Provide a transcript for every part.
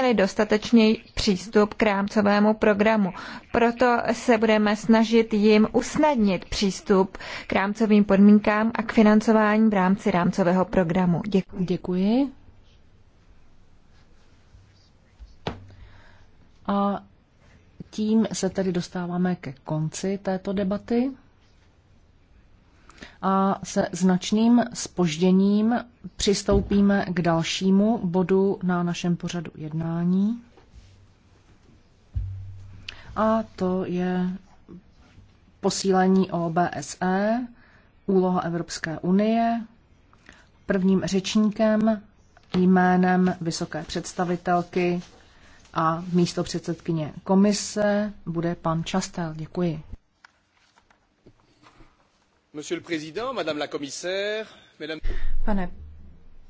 měli dostatečný přístup k rámcovému programu. Proto se budeme snažit jim usnadnit přístup k rámcovým podmínkám a k financování v rámci rámcového programu. Děkuji. Děkuji. A tím se tedy dostáváme ke konci této debaty a se značným spožděním přistoupíme k dalšímu bodu na našem pořadu jednání. A to je posílení OBSE, úloha Evropské unie. Prvním řečníkem jménem vysoké představitelky a místo předsedkyně komise bude pan Častel. Děkuji. Pane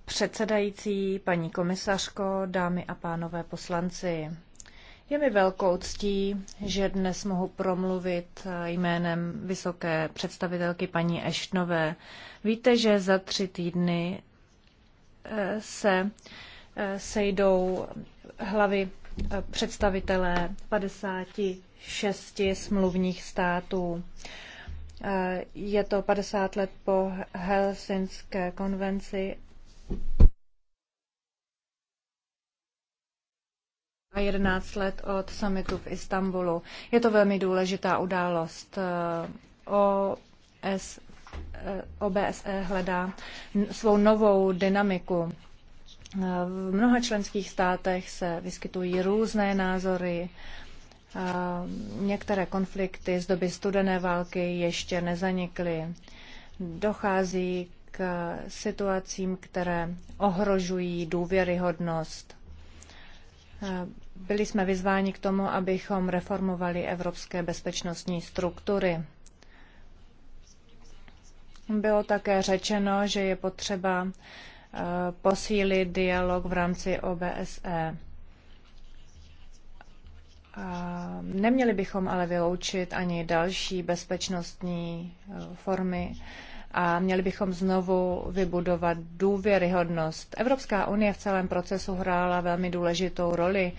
předsedající, paní komisařko, dámy a pánové poslanci, je mi velkou ctí, že dnes mohu promluvit jménem vysoké představitelky paní ashtonové Víte, že za tři týdny eh, se eh, sejdou hlavy eh, představitelé 56 smluvních států. Eh, je to 50 let po Helsinské konvenci a 11 let od summitu v Istanbulu. Je to velmi důležitá událost. Eh, OS, eh, OBSE hledá svou novou dynamiku. V mnoha členských státech se vyskytují různé názory, některé konflikty z doby studené války ještě nezanikly. Dochází k situacím, které ohrožují důvěryhodnost. Byli jsme vyzváni k tomu, abychom reformovali evropské bezpečnostní struktury. Bylo také řečeno, že je potřeba posílit dialog v rámci OBSE. Neměli bychom ale vyloučit ani další bezpečnostní e, formy a měli bychom znovu vybudovat důvěryhodnost. Evropská unie v celém procesu hrála velmi důležitou roli.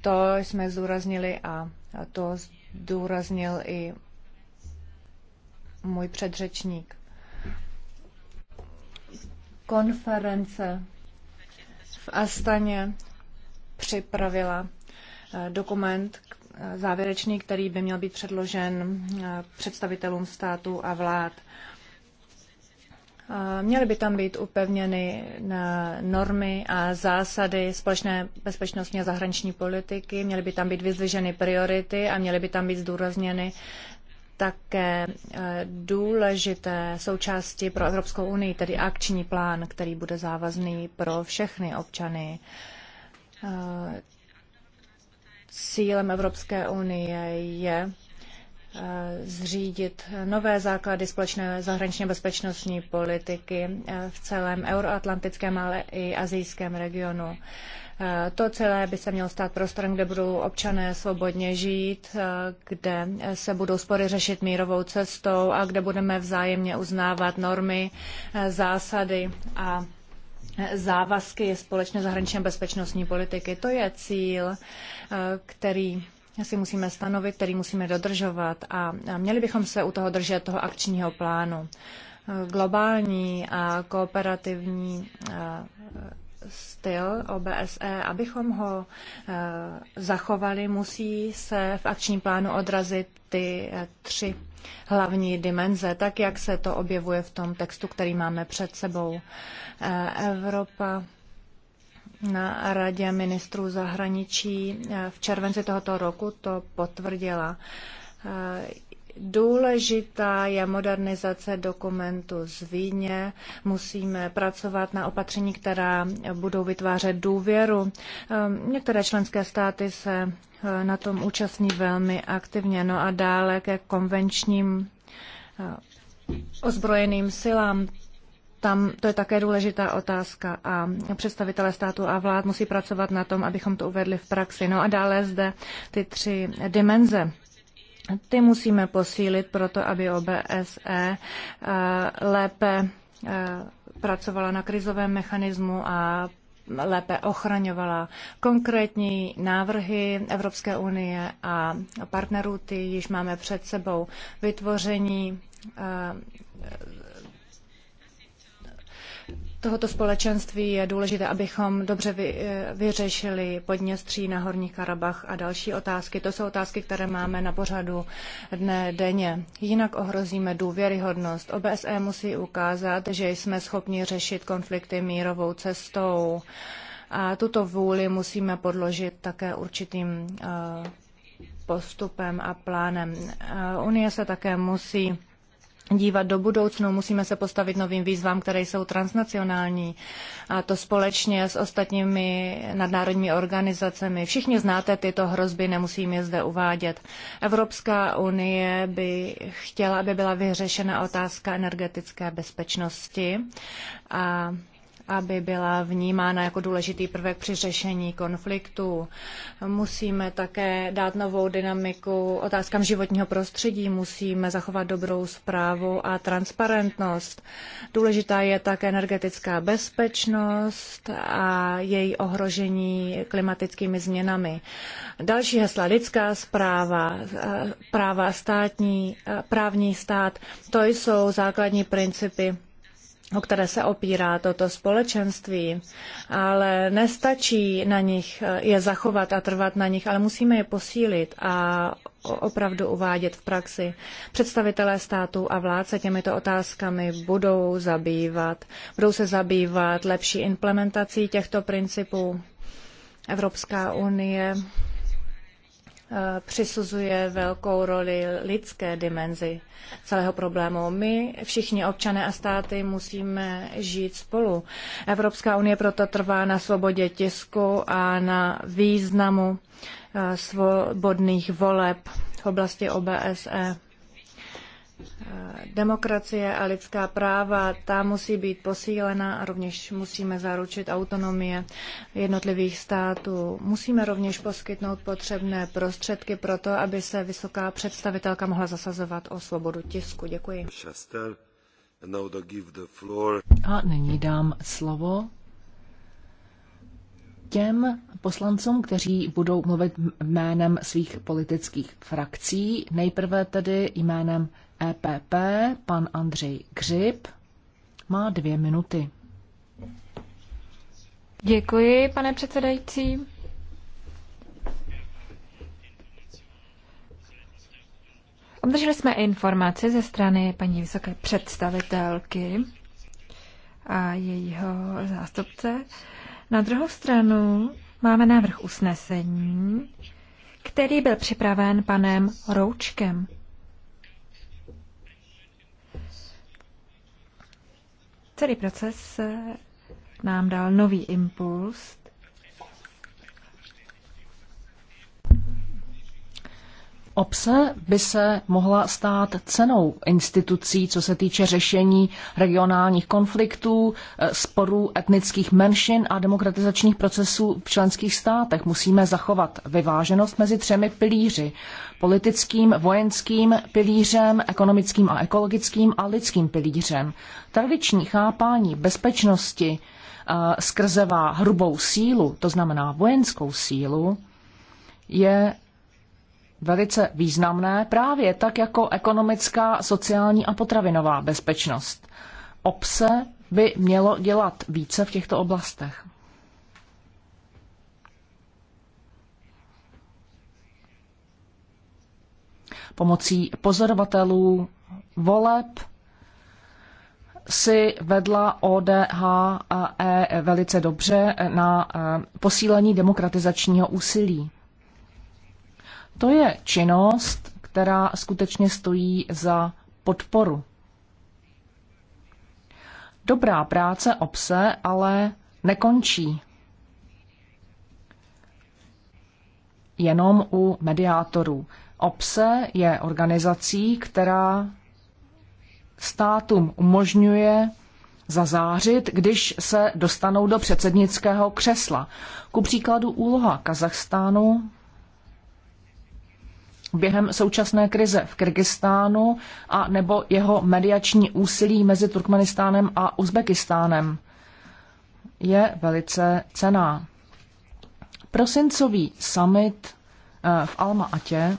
To jsme zúraznili a to zdůraznil i můj předřečník. Konference v Astaně připravila dokument závěrečný, který by měl být předložen eh, představitelům státu a vlád. Eh, měly by tam být upevněny eh, normy a zásady společné bezpečnostní a zahraniční politiky, měly by tam být vyzvěženy priority a měly by tam být zdůrazněny také důležité součásti pro Evropskou unii, tedy akční plán, který bude závazný pro všechny občany. Cílem Evropské unie je eh, zřídit nové základy společné zahraničně bezpečnostní politiky eh, v celém euroatlantickém, ale i azijském regionu. Eh, to celé by se mělo stát prostorem, kde budou občané svobodně žít, kde se budou spory řešit mírovou cestou a kde budeme vzájemně uznávat normy, zásady a závazky společné zahraničně bezpečnostní politiky. To je cíl, eh, který si musíme stanovit, který musíme dodržovat a měli bychom se u toho držet toho akčního plánu. Eh, globální a kooperativní eh, styl OBSE, abychom ho zachovali, musí se v akčním plánu odrazit ty tři hlavní dimenze, tak jak se to objevuje v tom textu, který máme před sebou. Eh, Evropa na Radě ministrů zahraničí eh, v červenci tohoto roku to potvrdila eh, Důležitá je modernizace dokumentu z Víně. Musíme pracovat na opatření, která budou vytvářet důvěru. Ehm, některé členské státy se eh, na tom účastní velmi aktivně. No a dále ke konvenčním eh, ozbrojeným silám. Tam to je také důležitá otázka a představitelé státu a vlád musí pracovat na tom, abychom to uvedli v praxi. No a dále zde ty tři dimenze ty musíme posílit proto, aby OBSE eh, lépe eh, pracovala na krizovém mechanismu a lépe ochraňovala. Konkrétní návrhy Evropské unie a partnerů, ty již máme před sebou. Vytvoření eh, tohoto společenství je důležité, abychom dobře vy, eh, vyřešili Podněstří na Horní Karabach a další otázky. To jsou otázky, které máme na pořadu dne denně. Jinak ohrozíme důvěryhodnost. OBSE musí ukázat, že jsme schopni řešit konflikty mírovou cestou. A tuto vůli musíme podložit také určitým eh, postupem a plánem. Eh, Unie se také musí dívat do budoucnu, musíme se postavit novým výzvám, které jsou transnacionální. A to společně s ostatními nadnárodními organizacemi. Všichni znáte tyto hrozby, nemusím je zde uvádět. Evropská unie by chtěla, aby byla vyřešena otázka energetické bezpečnosti. A aby byla vnímána jako důležitý prvek při řešení konfliktu, Musíme také dát novou dynamiku otázkám životního prostředí, musíme zachovat dobrou zprávu a transparentnost. Důležitá je také energetická bezpečnost a její ohrožení klimatickými změnami. Další hesla lidská zpráva, práva státní, právní stát, to jsou základní principy o které se opírá toto společenství, ale nestačí na nich eh, je zachovat a trvat na nich, ale musíme je posílit a opravdu uvádět v praxi. Představitelé států a vlád se těmito otázkami budou zabývat, budou se zabývat lepší implementací těchto principů. Evropská unie přisuzuje velkou roli lidské dimenzi celého problému. My všichni občané a státy musíme žít spolu. Evropská unie proto trvá na svobodě tisku a na významu eh, svobodných voleb v oblasti OBSE. Demokracie a lidská práva, ta musí být posílena a rovněž musíme zaručit autonomie jednotlivých států. Musíme rovněž poskytnout potřebné prostředky pro to, aby se vysoká představitelka mohla zasazovat o svobodu tisku. Děkuji. A nyní dám slovo těm poslancům, kteří budou mluvit jménem svých politických frakcí, nejprve tedy jménem EPP, pan Andřej Křip, má dvě minuty. Děkuji, pane předsedající. Obdrželi jsme informace ze strany paní vysoké představitelky a jejího zástupce. Na druhou stranu máme návrh usnesení, který byl připraven panem Roučkem. Celý proces eh, nám dal nový impuls Obce by se mohla stát cenou institucí, co se týče řešení regionálních konfliktů, eh, sporů etnických menšin a demokratizačních procesů v členských státech. Musíme zachovat vyváženost mezi třemi pilíři. Politickým, vojenským pilířem, ekonomickým a ekologickým a lidským pilířem. Tradiční chápání bezpečnosti eh, skrzevá hrubou sílu, to znamená vojenskou sílu, je velice významné právě tak jako ekonomická, sociální a potravinová bezpečnost. Obse by mělo dělat více v těchto oblastech. Pomocí pozorovatelů voleb si vedla ODHE e velice dobře na eh, posílení demokratizačního úsilí. To je činnost, která skutečně stojí za podporu. Dobrá práce obse ale nekončí jenom u mediátorů. OPSE je organizací, která státům umožňuje zazářit, když se dostanou do předsednického křesla. Ku příkladu úloha Kazachstánu během současné krize v Kyrgyzstánu a nebo jeho mediační úsilí mezi Turkmenistánem a Uzbekistánem je velice cená. Prosincový summit eh, v Alma-Atě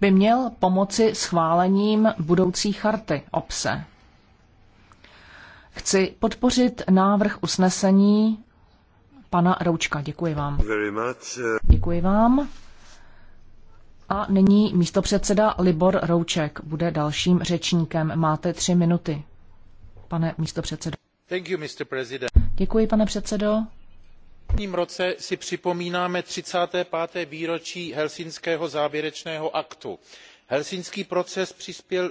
by měl pomoci schválením budoucí charty obse. Chci podpořit návrh usnesení pana Roučka. Děkuji vám. Děkuji vám. A nyní místopředseda Libor Rouček bude dalším řečníkem. Máte tři minuty, pane místopředsedo. Děkuji, pane předsedo. V letošním roce si připomínáme 35. výročí Helsinského závěrečného aktu. Helsinský proces přispěl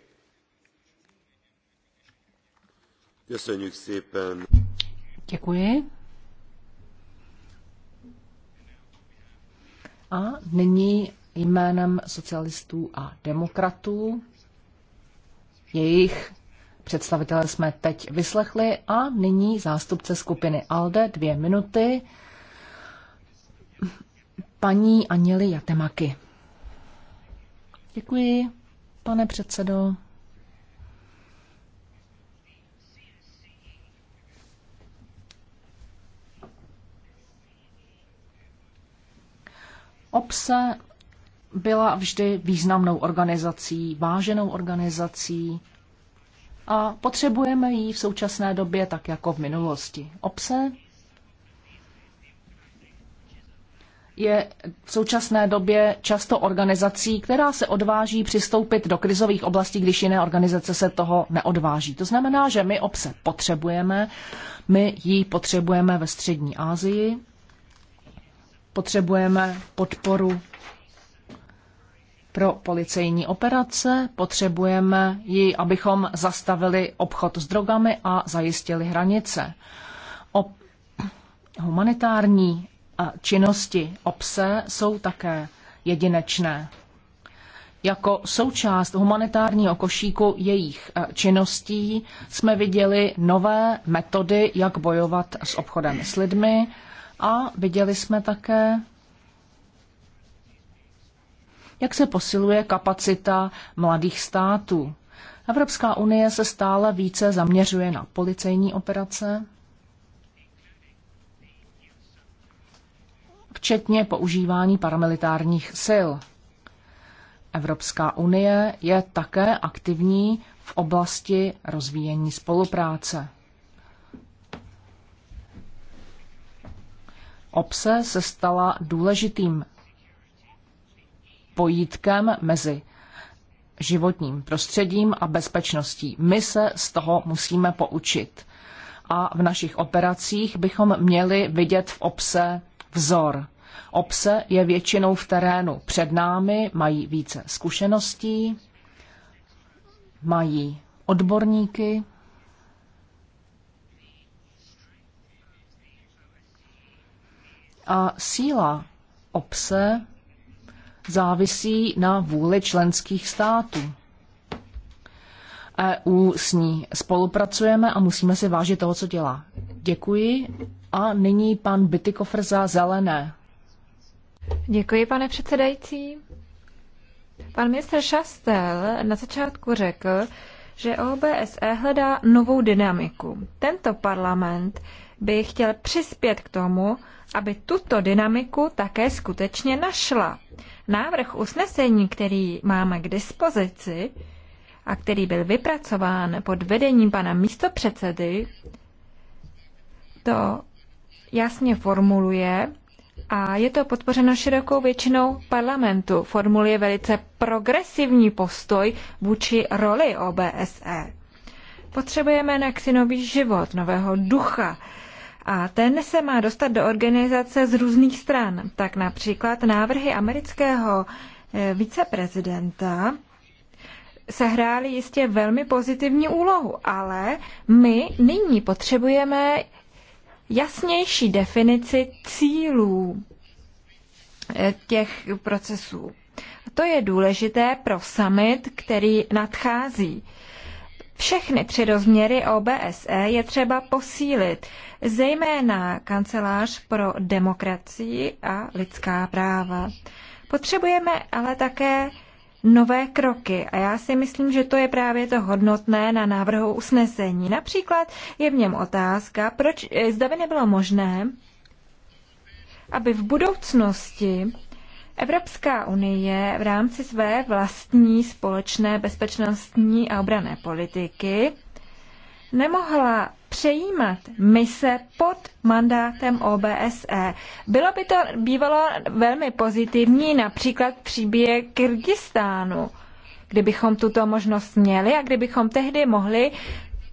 Děkuji. A nyní jménem socialistů a demokratů. Jejich představitele jsme teď vyslechli a nyní zástupce skupiny ALDE dvě minuty. Paní Aněli Jatemaky. Děkuji, pane předsedo. OPSE byla vždy významnou organizací, váženou organizací a potřebujeme ji v současné době tak jako v minulosti. OPSE je v současné době často organizací, která se odváží přistoupit do krizových oblastí, když jiné organizace se toho neodváží. To znamená, že my obce potřebujeme, my ji potřebujeme ve střední Asii potřebujeme podporu pro policejní operace, potřebujeme ji, abychom zastavili obchod s drogami a zajistili hranice. O humanitární činnosti obse jsou také jedinečné. Jako součást humanitárního košíku jejich činností jsme viděli nové metody, jak bojovat s obchodem s lidmi, a viděli jsme také, jak se posiluje kapacita mladých států. Evropská unie se stále více zaměřuje na policejní operace, včetně používání paramilitárních sil. Evropská unie je také aktivní v oblasti rozvíjení spolupráce. obce se stala důležitým pojítkem mezi životním prostředím a bezpečností. My se z toho musíme poučit. A v našich operacích bychom měli vidět v obse vzor. Obse je většinou v terénu před námi, mají více zkušeností, mají odborníky, a síla obse závisí na vůli členských států. EU s ní spolupracujeme a musíme si vážit toho, co dělá. Děkuji. A nyní pan Bytykofr za zelené. Děkuji, pane předsedající. Pan ministr Šastel na začátku řekl, že OBSE hledá novou dynamiku. Tento parlament by chtěl přispět k tomu, aby tuto dynamiku také skutečně našla. Návrh usnesení, který máme k dispozici a který byl vypracován pod vedením pana místopředsedy, to jasně formuluje a je to podpořeno širokou většinou parlamentu. Formuluje velice progresivní postoj vůči roli OBSE. Potřebujeme jaksi nový život, nového ducha, a ten se má dostat do organizace z různých stran. Tak například návrhy amerického eh, viceprezidenta sehrály jistě velmi pozitivní úlohu, ale my nyní potřebujeme jasnější definici cílů eh, těch procesů. To je důležité pro summit, který nadchází. Všechny tři rozměry OBSE je třeba posílit, zejména kancelář pro demokracii a lidská práva. Potřebujeme ale také nové kroky a já si myslím, že to je právě to hodnotné na návrhu usnesení. Například je v něm otázka, proč eh, zda by nebylo možné, aby v budoucnosti Evropská unie v rámci své vlastní společné bezpečnostní a obrané politiky nemohla přejímat mise pod mandátem OBSE. Bylo by to bývalo velmi pozitivní, například příběh Kyrgyzstánu, kdybychom tuto možnost měli a kdybychom tehdy mohli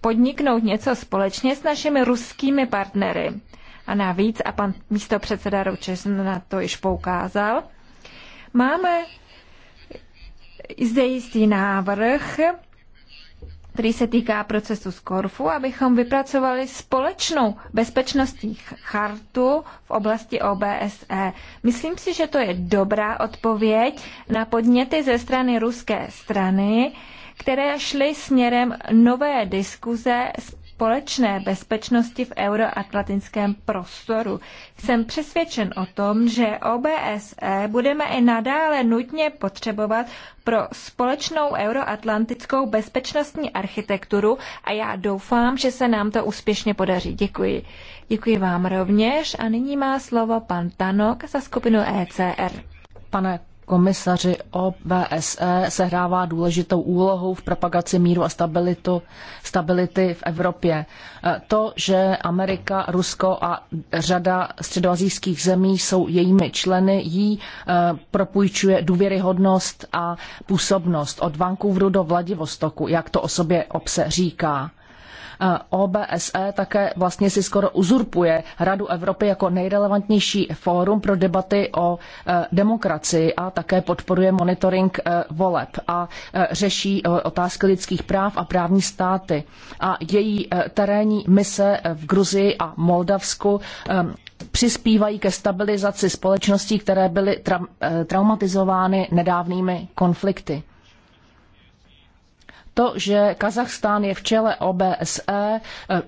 podniknout něco společně s našimi ruskými partnery. A navíc, a pan místo předseda Ručes na to již poukázal, Máme zde jistý návrh, který se týká procesu z Korfu, abychom vypracovali společnou bezpečnostní chartu v oblasti OBSE. Myslím si, že to je dobrá odpověď na podněty ze strany ruské strany, které šly směrem nové diskuze s společné bezpečnosti v euroatlantickém prostoru. Jsem přesvědčen o tom, že OBSE budeme i nadále nutně potřebovat pro společnou euroatlantickou bezpečnostní architekturu a já doufám, že se nám to úspěšně podaří. Děkuji. Děkuji vám rovněž a nyní má slovo pan Tanok za skupinu ECR. Pane komisaři OBSE sehrává důležitou úlohu v propagaci míru a stabilitu, stability v Evropě. E, to, že Amerika, Rusko a řada středoazijských zemí jsou jejími členy, jí e, propůjčuje důvěryhodnost a působnost od Vancouveru do Vladivostoku, jak to o sobě obse říká. Eh, OBSE také vlastně si skoro uzurpuje Radu Evropy jako nejrelevantnější fórum pro debaty o eh, demokracii a také podporuje monitoring eh, voleb a řeší otázky lidských práv a právní státy. A její terénní mise v Gruzii a Moldavsku přispívají ke stabilizaci společností, které byly tra traumatizovány nedávnými konflikty. To, že Kazachstán je v čele OBSE, eh,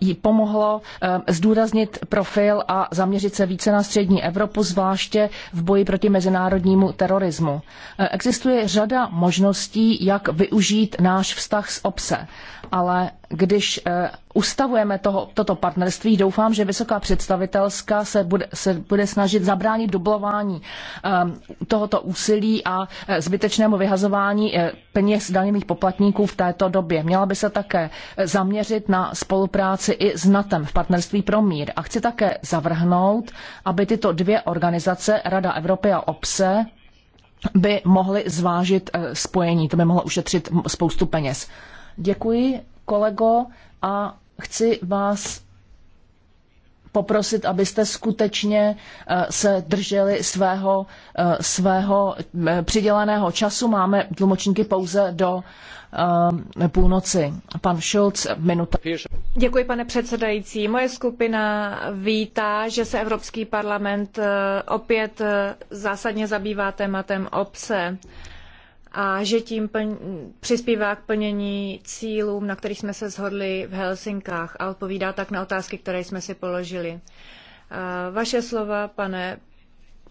jí pomohlo eh, zdůraznit profil a zaměřit se více na střední Evropu, zvláště v boji proti mezinárodnímu terorismu. Eh, existuje řada možností, jak využít náš vztah s obse, ale když eh, ustavujeme toho, toto partnerství, doufám, že vysoká představitelská se bude, se bude snažit zabránit dublování eh, tohoto úsilí a eh, zbytečnému vyhazování peněz daněných poplatníků v této době. Měla by se také zaměřit na spolupráci i s NATEM v partnerství pro mír. A chci také zavrhnout, aby tyto dvě organizace, Rada Evropy a OPSE, by mohly zvážit spojení. To by mohlo ušetřit spoustu peněz. Děkuji kolego, a chci vás poprosit, abyste skutečně eh, se drželi svého, eh, svého eh, přiděleného času. Máme tlumočníky pouze do půlnoci. Pan Schulz, minuta. Děkuji, pane předsedající. Moje skupina vítá, že se Evropský parlament opět zásadně zabývá tématem obce a že tím přispívá k plnění cílům, na kterých jsme se shodli v Helsinkách a odpovídá tak na otázky, které jsme si položili. vaše slova, pane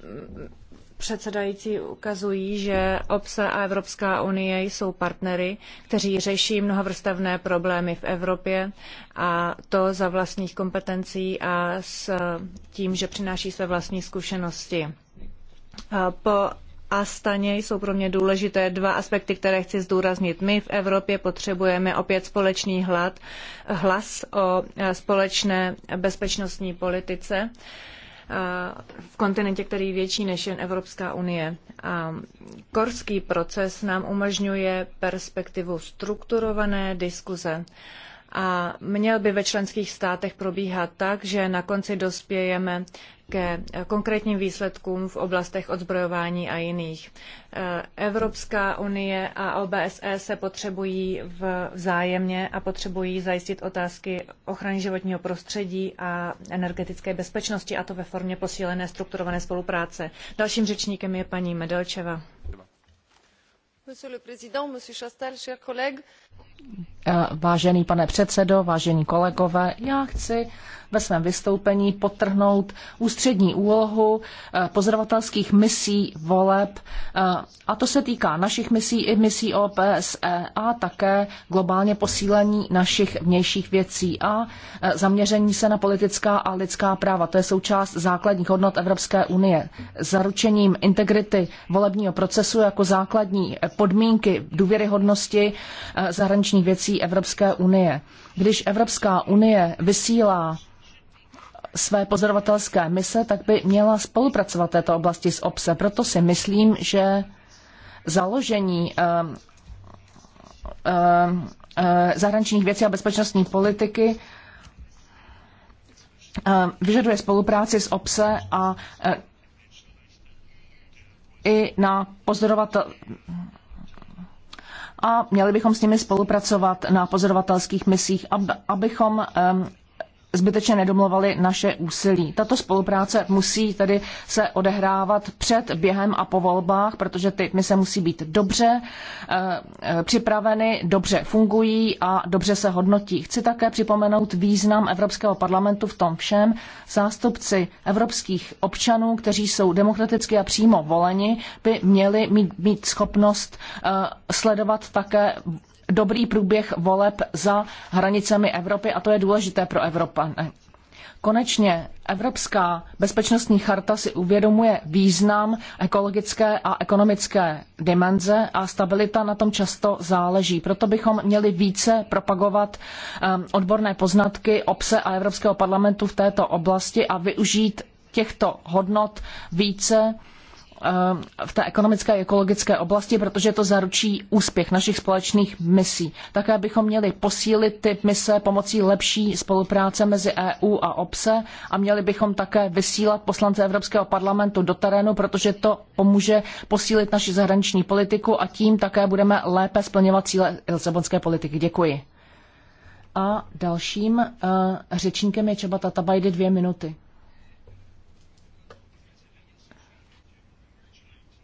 mm, předsedající, ukazují, že obce a Evropská unie jsou partnery, kteří řeší mnohovrstevné problémy v Evropě a to za vlastních kompetencí a s tím, že přináší své vlastní zkušenosti. po a staně jsou pro mě důležité dva aspekty, které chci zdůraznit. My v Evropě potřebujeme opět společný hlad, hlas o e, společné bezpečnostní politice e, v kontinentě, který je větší než jen Evropská unie. A korský proces nám umožňuje perspektivu strukturované diskuze a měl by ve členských státech probíhat tak, že na konci dospějeme ke konkrétním výsledkům v oblastech odzbrojování a jiných. Eh, Evropská unie a OBSE se potřebují vzájemně a potřebují zajistit otázky ochrany životního prostředí a energetické bezpečnosti, a to ve formě posílené strukturované spolupráce. Dalším řečníkem je paní Medelčeva. Eh, vážený pane předsedo, vážení kolegové, já chci ve svém vystoupení potrhnout ústřední úlohu eh, pozorovatelských misí voleb, eh, a to se týká našich misí i misí OPSE a také globálně posílení našich vnějších věcí a zaměření se na politická a lidská práva. To je součást základních hodnot Evropské unie. Zaručením integrity volebního procesu jako základní podmínky důvěryhodnosti zahraniční zahraničních věcí Evropské unie. Když Evropská unie vysílá své pozorovatelské mise, tak by měla spolupracovat této oblasti s obse. Proto si myslím, že založení uh, uh, zahraničních věcí a bezpečnostní politiky vyžaduje spolupráci s obse a i na pozorovatel, a měli bychom s nimi spolupracovat na pozorovatelských misích, abychom zbytečně nedomluvali naše úsilí. Tato spolupráce musí tedy se odehrávat před, během a po volbách, protože ty mise musí být dobře eh, eh, připraveny, dobře fungují a dobře se hodnotí. Chci také připomenout význam Evropského parlamentu v tom všem. Zástupci evropských občanů, kteří jsou demokraticky a přímo voleni, by měli mít, mít schopnost eh, sledovat také dobrý průběh voleb za hranicemi Evropy a to je důležité pro Ne? Konečně Evropská bezpečnostní charta si uvědomuje význam ekologické a ekonomické dimenze a stabilita na tom často záleží. Proto bychom měli více propagovat ehm, odborné poznatky obse a Evropského parlamentu v této oblasti a využít těchto hodnot více Eh, v té ekonomické a ekologické oblasti, protože to zaručí úspěch našich společných misí. Také bychom měli posílit ty mise pomocí lepší spolupráce mezi EU a OPSE a měli bychom také vysílat poslance Evropského parlamentu do terénu, protože to pomůže posílit naši zahraniční politiku a tím také budeme lépe splňovat cíle lisabonské politiky. Děkuji. A dalším uh, řečníkem je Čabata Tabajdy dvě minuty.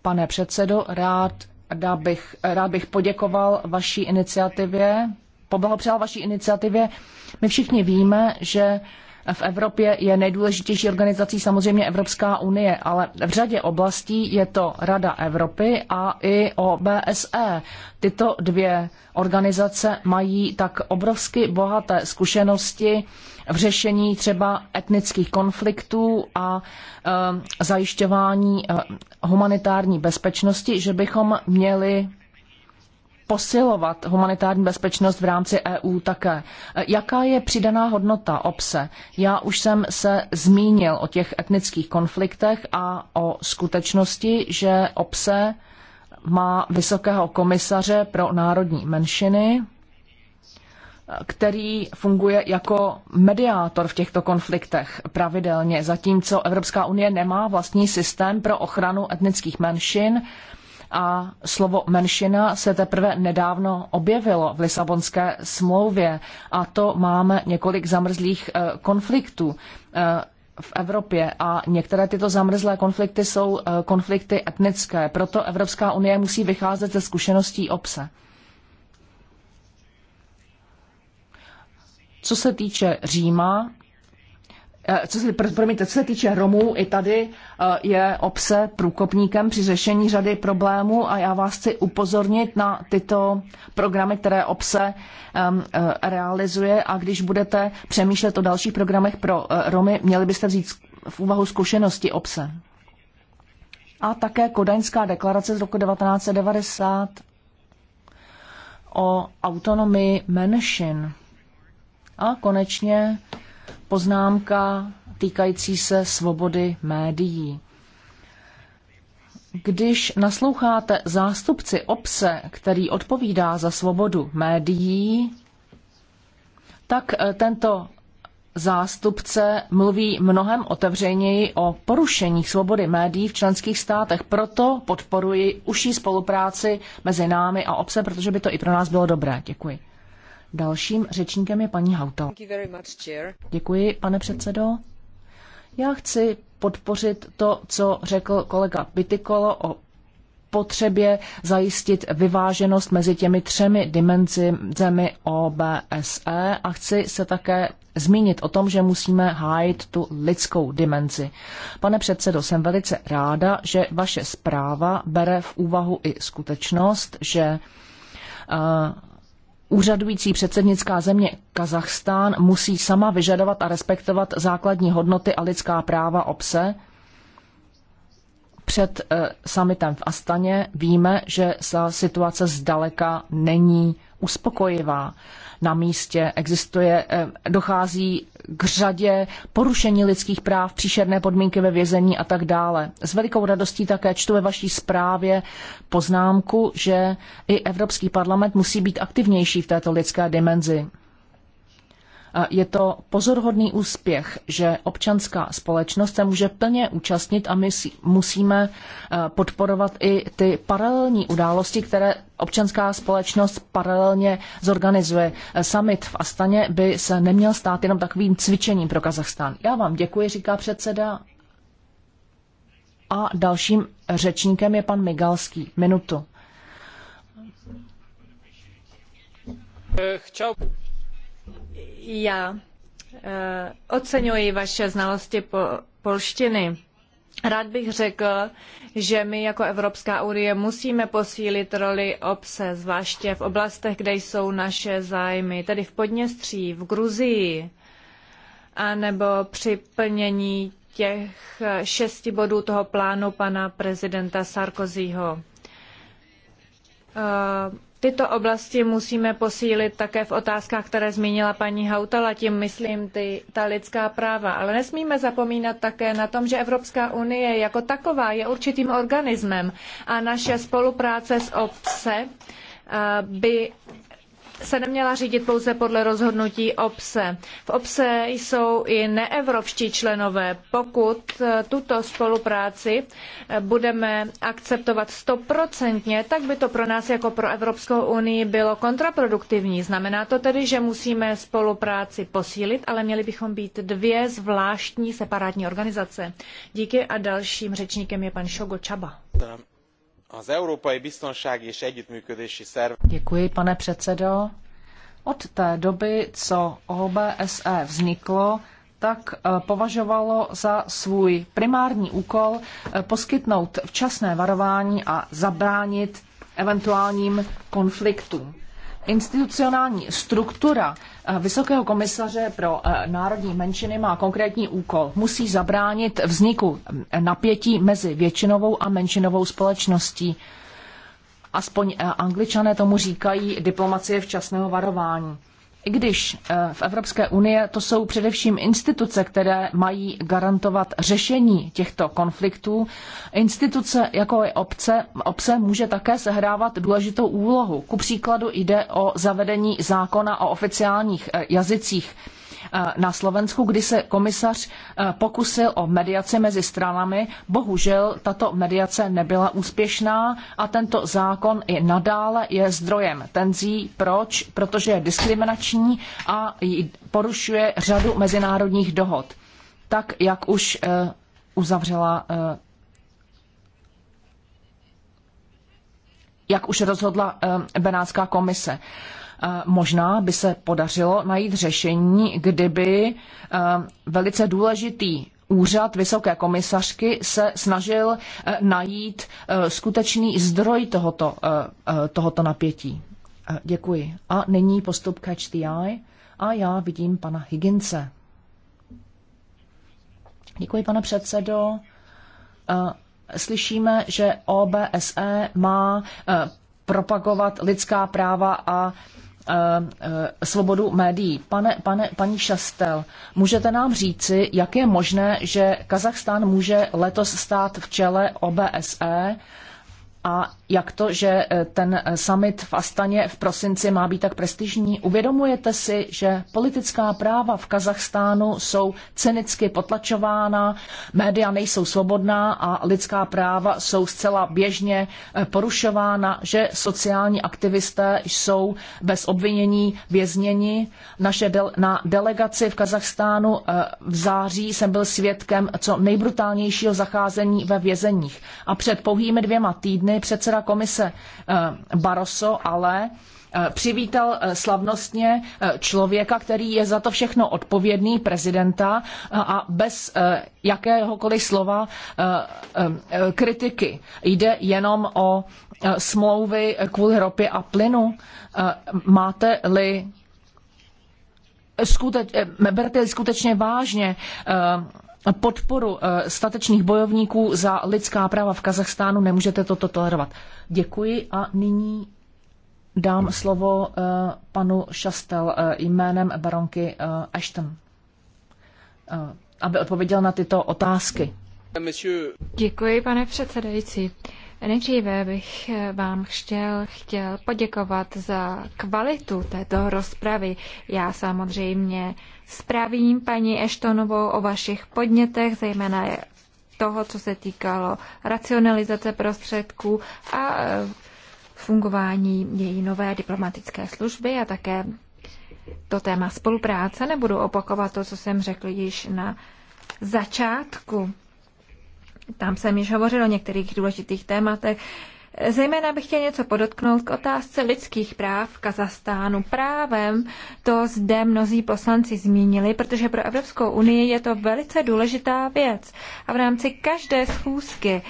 Pane předsedo, rád, rád, bych, rád bych poděkoval vaší iniciativě, poblahopřál vaší iniciativě. My všichni víme, že v Evropě je nejdůležitější organizací samozřejmě Evropská unie, ale v řadě oblastí je to Rada Evropy a i OBSE. Tyto dvě organizace mají tak obrovsky bohaté zkušenosti v řešení třeba etnických konfliktů a e, zajišťování e, humanitární bezpečnosti, že bychom měli posilovat humanitární bezpečnost v rámci EU také. Jaká je přidaná hodnota obse? Já už jsem se zmínil o těch etnických konfliktech a o skutečnosti, že obse má vysokého komisaře pro národní menšiny, který funguje jako mediátor v těchto konfliktech pravidelně, zatímco Evropská unie nemá vlastní systém pro ochranu etnických menšin a slovo menšina se teprve nedávno objevilo v Lisabonské smlouvě a to máme několik zamrzlých eh, konfliktů eh, v Evropě a některé tyto zamrzlé konflikty jsou eh, konflikty etnické. Proto Evropská unie musí vycházet ze zkušeností obce. Co se týče Říma, Eh, co se, promiňte, co se týče Romů, i tady eh, je obse průkopníkem při řešení řady problémů a já vás chci upozornit na tyto programy, které obse eh, realizuje a když budete přemýšlet o dalších programech pro Romy, měli byste vzít v úvahu zkušenosti obse. A také Kodaňská deklarace z roku 1990 o autonomii menšin. A konečně poznámka týkající se svobody médií. Když nasloucháte zástupci obse, který odpovídá za svobodu médií, tak eh, tento zástupce mluví mnohem otevřeněji o porušeních svobody médií v členských státech. Proto podporuji užší spolupráci mezi námi a obse, protože by to i pro nás bylo dobré. Děkuji. Dalším řečníkem je paní Hauto. Děkuji, pane předsedo. Já chci podpořit to, co řekl kolega Bitykolo o potřebě zajistit vyváženost mezi těmi třemi dimenzemi OBSE a chci se také zmínit o tom, že musíme hájit tu lidskou dimenzi. Pane předsedo, jsem velice ráda, že vaše zpráva bere v úvahu i skutečnost, že uh, úřadující předsednická země Kazachstán musí sama vyžadovat a respektovat základní hodnoty a lidská práva obce, před eh, summitem v Astaně víme, že ta situace zdaleka není uspokojivá. Na místě existuje, eh, dochází k řadě porušení lidských práv, příšerné podmínky ve vězení a tak dále. S velikou radostí také čtu ve vaší zprávě poznámku, že i Evropský parlament musí být aktivnější v této lidské dimenzi. Je to pozorhodný úspěch, že občanská společnost se může plně účastnit a my musíme eh, podporovat i ty paralelní události, které občanská společnost paralelně zorganizuje. Eh, summit v Astaně by se neměl stát jenom takovým cvičením pro Kazachstán. Já vám děkuji, říká předseda. A dalším řečníkem je pan Migalský. Minutu. Eh, chtěl já eh, oceňuji vaše znalosti po, polštiny. Rád bych řekl, že my jako Evropská unie musíme posílit roli obce, zvláště v oblastech, kde jsou naše zájmy, tedy v Podněstří, v Gruzii, anebo při plnění těch eh, šesti bodů toho plánu pana prezidenta Sarkozyho. Eh, Tyto oblasti musíme posílit také v otázkách, které zmínila paní Hautala, tím myslím ty, ta lidská práva. Ale nesmíme zapomínat také na tom, že Evropská unie jako taková je určitým organismem a naše spolupráce s obce by se neměla řídit pouze podle rozhodnutí obse. V obse jsou i neevropští členové. Pokud eh, tuto spolupráci eh, budeme akceptovat stoprocentně, tak by to pro nás jako pro Evropskou unii bylo kontraproduktivní. Znamená to tedy, že musíme spolupráci posílit, ale měli bychom být dvě zvláštní separátní organizace. Díky a dalším řečníkem je pan Šogo Čaba az Európai Biztonsági és Együttműködési Szerv... Děkuji, pane předsedo. Od té doby, co OBSE vzniklo, tak e, považovalo za svůj primární úkol e, poskytnout včasné varování a zabránit eventuálním konfliktům. Institucionální struktura eh, Vysokého komisaře pro eh, národní menšiny má konkrétní úkol. Musí zabránit vzniku eh, napětí mezi většinovou a menšinovou společností. Aspoň angličané tomu říkají diplomacie včasného varování i když eh, v Evropské unii to jsou především instituce, které mají garantovat řešení těchto konfliktů, instituce jako je obce, obce může také sehrávat důležitou úlohu. Ku příkladu jde o zavedení zákona o oficiálních eh, jazycích Eh, na Slovensku, kdy se komisař eh, pokusil o mediaci mezi stranami. Bohužel tato mediace nebyla úspěšná a tento zákon i nadále je zdrojem tenzí. Proč? Protože je diskriminační a porušuje řadu mezinárodních dohod. Tak, jak už eh, uzavřela jak už rozhodla Benátská komise. Eh, možná by se podařilo najít řešení, kdyby eh, velice důležitý úřad vysoké komisařky se snažil eh, najít skutečný zdroj tohoto, tohoto napětí. Děkuji. A nyní postup Catch the Eye a já vidím pana Higince. Děkuji, pane předsedo. Slyšíme, že OBSE má propagovat lidská práva a Eh, eh, svobodu médií. Pane, pane, paní Šastel, můžete nám říci, jak je možné, že Kazachstán může letos stát v čele OBSE a jak to, že eh, ten eh, summit v Astaně v prosinci má být tak prestižní? Uvědomujete si, že politická práva v Kazachstánu jsou cynicky potlačována, média nejsou svobodná a lidská práva jsou zcela běžně eh, porušována, že sociální aktivisté jsou bez obvinění vězněni. Naše del- na delegaci v Kazachstánu v září jsem byl svědkem co nejbrutálnějšího zacházení ve vězeních. A před pouhými dvěma týdny předseda předseda komise eh, Barroso, ale eh, přivítal eh, slavnostně člověka, který je za to všechno odpovědný, prezidenta a bez jakéhokoliv slova kritiky. Jde jenom o smlouvy kvůli ropě a plynu. Máte-li skute, berte skutečně vážně podporu eh, statečných bojovníků za lidská práva v Kazachstánu. Nemůžete toto tolerovat. Děkuji a nyní dám slovo eh, panu Šastel eh, jménem baronky Ashton, aby odpověděl na tyto otázky. Děkuji, pane předsedající. Nejdříve bych eh, vám chtěl, chtěl poděkovat za kvalitu této rozpravy. Já samozřejmě zpravím paní Eštonovou o vašich podnětech, zejména toho, co se týkalo racionalizace prostředků a eh, fungování její nové diplomatické služby a také to téma spolupráce. Nebudu opakovat to, co jsem řekl již na začátku tam jsem již hovořil o některých důležitých tématech. Zejména bych chtěl něco podotknout k otázce lidských práv v Kazastánu. Právem to zde mnozí poslanci zmínili, protože pro Evropskou unii je to velice důležitá věc. A v rámci každé schůzky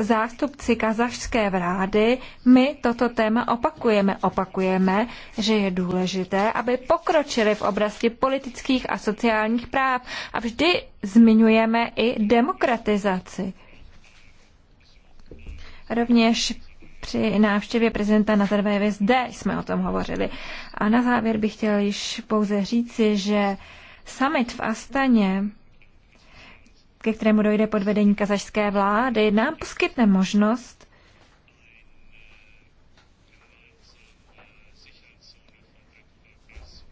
zástupci kazašské vlády my toto téma opakujeme. Opakujeme, že je důležité, aby pokročili v oblasti politických a sociálních práv a vždy zmiňujeme i demokratizaci. Rovněž při návštěvě prezidenta Nazarbayev zde jsme o tom hovořili. A na závěr bych chtěl již pouze říci, že summit v Astaně ke kterému dojde pod vedení kazašské vlády, nám poskytne možnost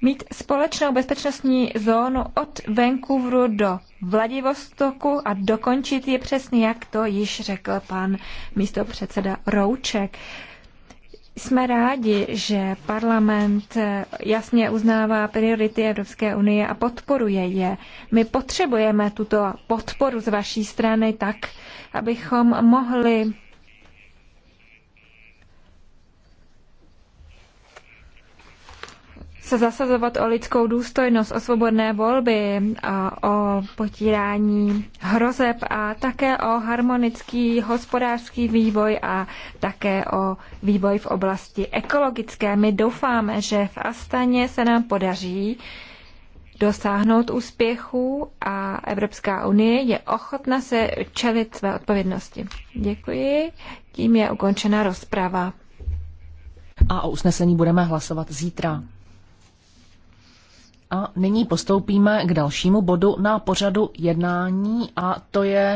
mít společnou bezpečnostní zónu od Vancouveru do Vladivostoku a dokončit je přesně, jak to již řekl pan místopředseda Rouček. Jsme rádi, že parlament eh, jasně uznává priority Evropské unie a podporuje je. My potřebujeme tuto podporu z vaší strany tak, abychom mohli se zasazovat o lidskou důstojnost, o svobodné volby, a o potírání hrozeb a také o harmonický hospodářský vývoj a také o vývoj v oblasti ekologické. My doufáme, že v Astaně se nám podaří dosáhnout úspěchu a Evropská unie je ochotna se čelit své odpovědnosti. Děkuji. Tím je ukončena rozprava. A o usnesení budeme hlasovat zítra. A nyní postoupíme k dalšímu bodu na pořadu jednání a to je